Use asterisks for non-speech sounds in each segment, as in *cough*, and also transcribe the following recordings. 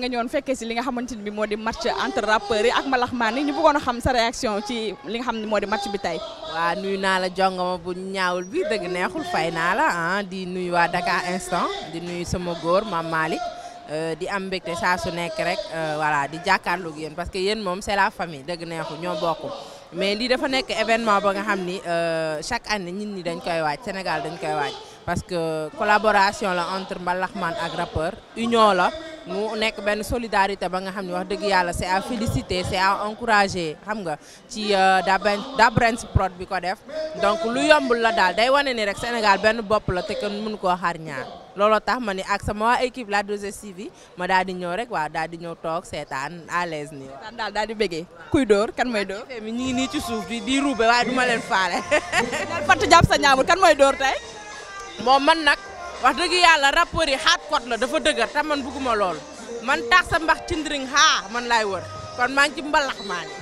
nga ñoon fekkee ci li nga xamanteni bi modi di match entre rappeur yi ak man ni ñu bëggono xam sa réaction ci li nga xamni modi di match bi tay wa nuyu na la jongama bu ñaawul bi deug neexul fay la ah di nuyu wa Dakar instant di nuyu sama mam malik euh di am mbégte sa su nekk rek euh, voilà di jàkkaarloog yeen parce que yeen mom c'est la famille deug neexu ño bokku mais li dafa nekk événement ba nga xamni euh chaque année nit ñi dañ koy waaj Sénégal dañ koy waaj parce que collaboration la entre man ak rappeur union la mu nek ben solidarité ba nga xamni wax deug yalla c'est à féliciter c'est à encourager xam nga ci euh, Dabrens Prod bi ko def donc lu yomb la dal day wone ni rek Sénégal ben bop la té kenn mën ko xaar ñaar lolo tax ma ni ak sama équipe la 2STV bi ma dal di ñow rek wa dal di ñow tok sétane à l'aise ni tan dal dal di bëggee kuy dóor kan moy dóor. mi ñi ni ci souf bi di roubé waaye duma len faalé dal daal japp sa ñaamul kan moy dóor tay moom man nak wax dëgg yàlla rapport yi xaat kot la dafa dëgër te man bugguma lool man tax sa mbax cindring haa man laay wër kon maa ngi ci mbalax maa ngi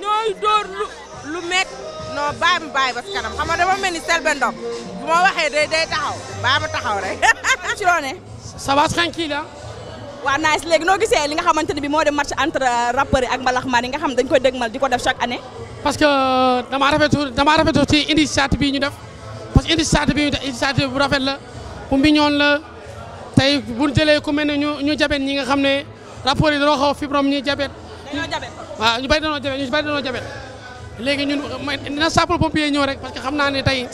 ñooy dóor lu lu met non bàyyi ma bàyyi ba si kanam dama mel ni Selbé Ndom bu ma waxee day day taxaw bàyyi ma taxaw rek. *laughs* ci loone ça va tranquille ah. waaw nice léegi noo gisee li nga xamante ne bi moo dem match entre euh, rappeur yi ak mbalax maan yi nga xam dañ koy dégmal di ko def chaque année. parce que euh, damaa rafetlu damaa rafetlu ci initiative bi ñu def. initiative bi initiative bu rafet la bu mbiñoon la tey bu jëlee ku mel ne ñu ñu jabet ñi nga xam ne rapport yi dañoo xaw fibrom ñi jabet waaw ñu bari dañoo jabet ñu bari dañoo jabet léegi ñun na sapeur pompier ñëw rek parce que xam naa ne tey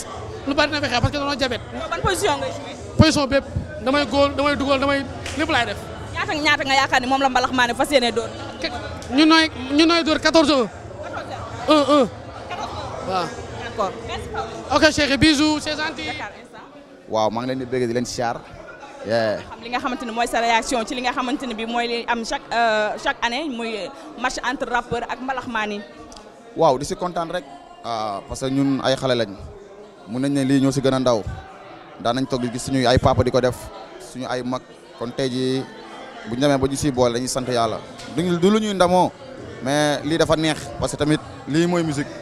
lu bari na fi xew parce que dañoo jabet ban position ngay joué position bépp damay góol damay dugal damay lépp laay def ñaata ñaata nga yaakaar ni moom la mbalax maa ne fas yéene dóor ñu nooy ñu nooy dóor 14 1 1 1 waaw d'accord ok chérie bisous c'est gentil waaw maa ngi leen di bëgg di leen siyaar xam li nga xamante ne mooy sa réaction ci li nga xamante bi mooy li am chaque euh, chaque année muy match entre rappeur ak mbalaxmaan yi waaw di si kontaan rek ah, parce que ñun ay xale lañ mun nañ ne lii ñoo si gën a ndaw daan nañ toog gis suñuy ay papa di def suñu ay mag kon tey jii bu ñu demee ba ñu siy boole dañuy sant yàlla du lu ñuy mais lii dafa neex parce que tamit lii mooy musique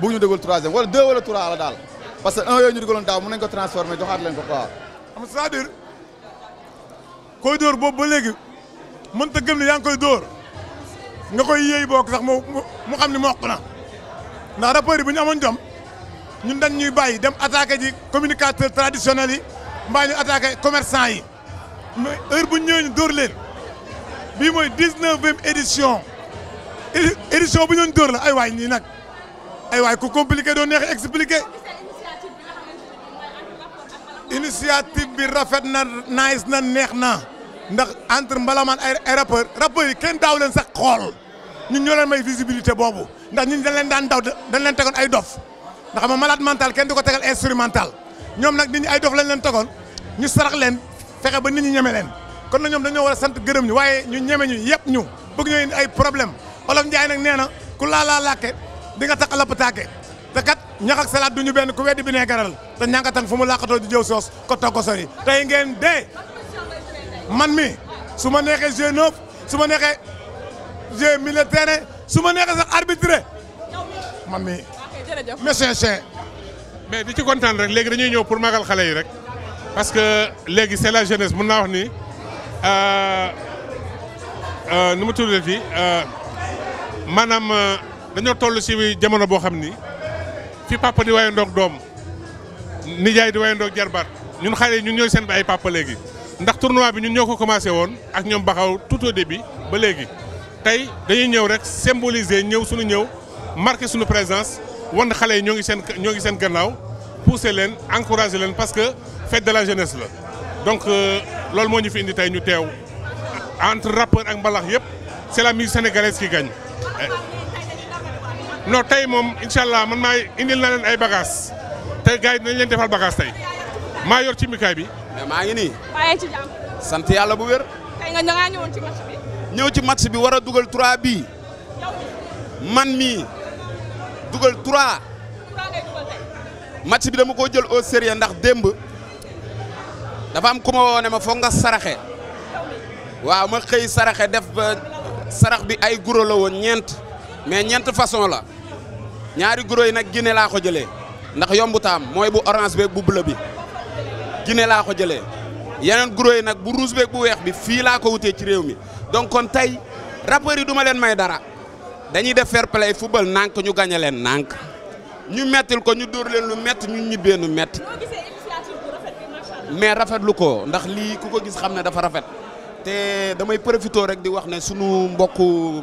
bu deugul 3e wala 2 wala 3 la dal parce que 1 yooyu ñu dugaloon daw mën nañ ko transformer joxaat leen ko quoi. am c'est-à-dire koy dóor bob ba léegi mënta gëm ni yang koy dóor nga koy yey bok sax mo mu xamni mo mokk na ndax rappeurs yi bu ñu amoon jom ñun dañ ñuy bayyi dem attaquer ji communicateur traditionnel yi mbaa ñu attaqué commerçant yi mais heure bu ñu ñëwee ñu dóor leen bii mooy dix-neuvième édition édition bu ñu doon la ay waay ni nak ay waay ku compliqué doo neex expliqué initiative bi rafet na nice na neex na ndax entre mbalamaan ay rappeur rappeur yi kenn daaw leen sax xool ñu ñoo may visibilité boobu ndax ñu dañ leen daan daw dañ leen tegoon ay dof ndax ma malade mental kenn du ko tegal instrumental ñoom nag nit ñu ay dof lañ leen tagoon ñu sarax leen fexe ba nit ñu ñeme leen kon na ñoom dañoo war a sant gërëm ñu waaye ñu ñeme ñu yëpp ñu bëgg ñoo ay problème olof Ndiaye nag nee na ku laalaa làkke di nga tax a lapp tàkke te kat ñax ak salade du ñu benn ku weddi bi nee garal te ñànkatan fu mu làqatoo di jëw soos ko toog ko sori tey ngeen dee man mi su ma neexee jeu neuf su ma neexee jeu milieu terrain su ma neexee sax arbitré man mi monsieur Cheikh mais di ci kontaan rek léegi dañuy ñëw pour magal xale yi rek parce que léegi c'est la jeunesse mun naa wax ni euh, euh, nu mu tuddati euh, maanaam. dañoo toll si jamono boo xam fi papa di nijaay di ñun xale ñun ñooy seen papa ndax tournoi bi ñun commencé woon ak baxaw tout au début ba léegi tey dañuy rek symboliser ñëw suñu ñëw marqué suñu présence wan xale ñoo seen ñoo seen gannaaw pousser leen encourager parce que fête de la jeunesse la donc euh, loolu moo ñu fi indi tey entre rappeur ak mbalax c'est la musique sénégalaise qui gagne non tey moom incha allah man maa indil na leen ay bagages tey gars yi dinañ leen defal bagage tey maa yor ci mikaay bi. mais maa ngi ni sant yàlla bu wér. tey nga ñëw ci match bi war a dugal 3 bi man mi dugal 3. match bi dama ko jël o sérieux ndax démb dafa am ku ma ma foog nga saraxe waaw ma xëy saraxe def ba sarax bi ay guro la woon ñeent. mais ñeent façon la ñaari guro yi nag Guinée laa ko jëlee ndax yombu taam mooy bu orange beeg bu bleu bi Guinée laa ko jëlee yeneen guro yi nag bu rouge beeg bu weex bi fii laa ko wutee ci réew mi donc kon tey rappeurs yi du leen may dara dañuy def fair play football nànk ñu gañe leen nànk ñu mettil ko ñu dóor leen lu métti ñu ñibbee nu métti mais rafetlu ko ndax lii ku ko gis xam ne dafa rafet te damay profité rek di wax ne sunu mbokku.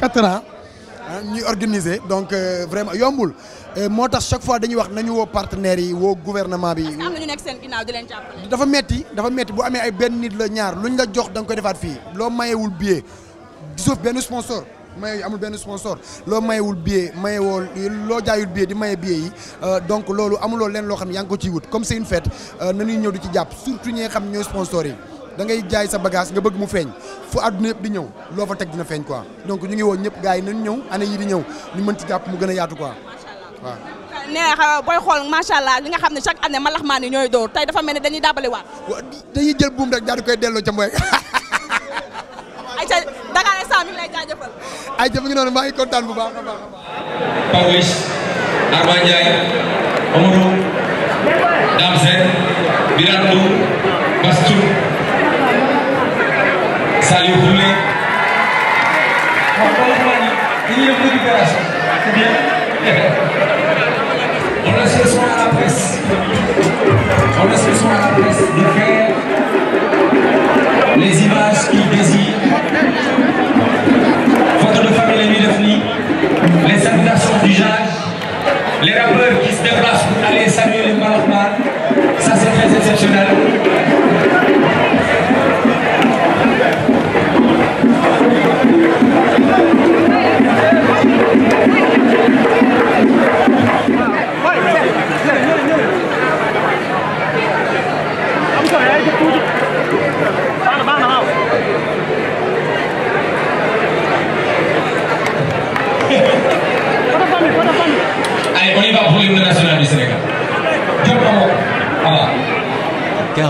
4 ans hein, ñuy organiser donc euh, vraiment yombul moo tax chaque fois dañuy wax nañu wo partenaire yi wo gouvernement bi. am na ñu nekk seen ginnaaw di len jappalé dafa metti dafa metti bu amé ay ben nit la ñaar luñ la jox dang nga defat fi lo mayé wul billet gisoo ben sponsor. maye amul ben sponsor lo loo mayewul billet mayewoo lo jaayul billet di mayé billet yi euh, donc lolu amul lo len lo xam ne yaa ko ciy wut comme c'est une fête euh, nañu ñëw du ci japp surtout ñi xam ñoy sponsor yi. da ngay jaay sa bagage nga bëgg mu feeñ fu adduna yëpp di ñëw loo fa teg dina feeñ quoi donc ñu ngi woo ñëpp gars yi nañ ñëw année yi di ñëw ñu mën ci jàpp mu gën a yaatu quoi waaw nee booy xool macha allah li nga xam ne chaque année malax maan ñooy dóor tey dafa mel ni dañuy daabale waat dañuy jël buum rek daal di koy delloo ca mboy *laughs* ayca Dakar instant mi ngi lay jaajëfal ay jëf ngi noonu maa ngi kontaan bu baax a baax Pawlish Arma Ndiaye Amadou Dame Sène Birane Salut vous les il moo le dañuy récupération c'est bien. on laisse le à la presse. on laisse le à la presse de frères. les images qui désirent. votre de famille et lui de fli. les salutations du jage. les rappeurs qui se déplacent pour aller saluer les malheurs. ça c'est très exceptionnel.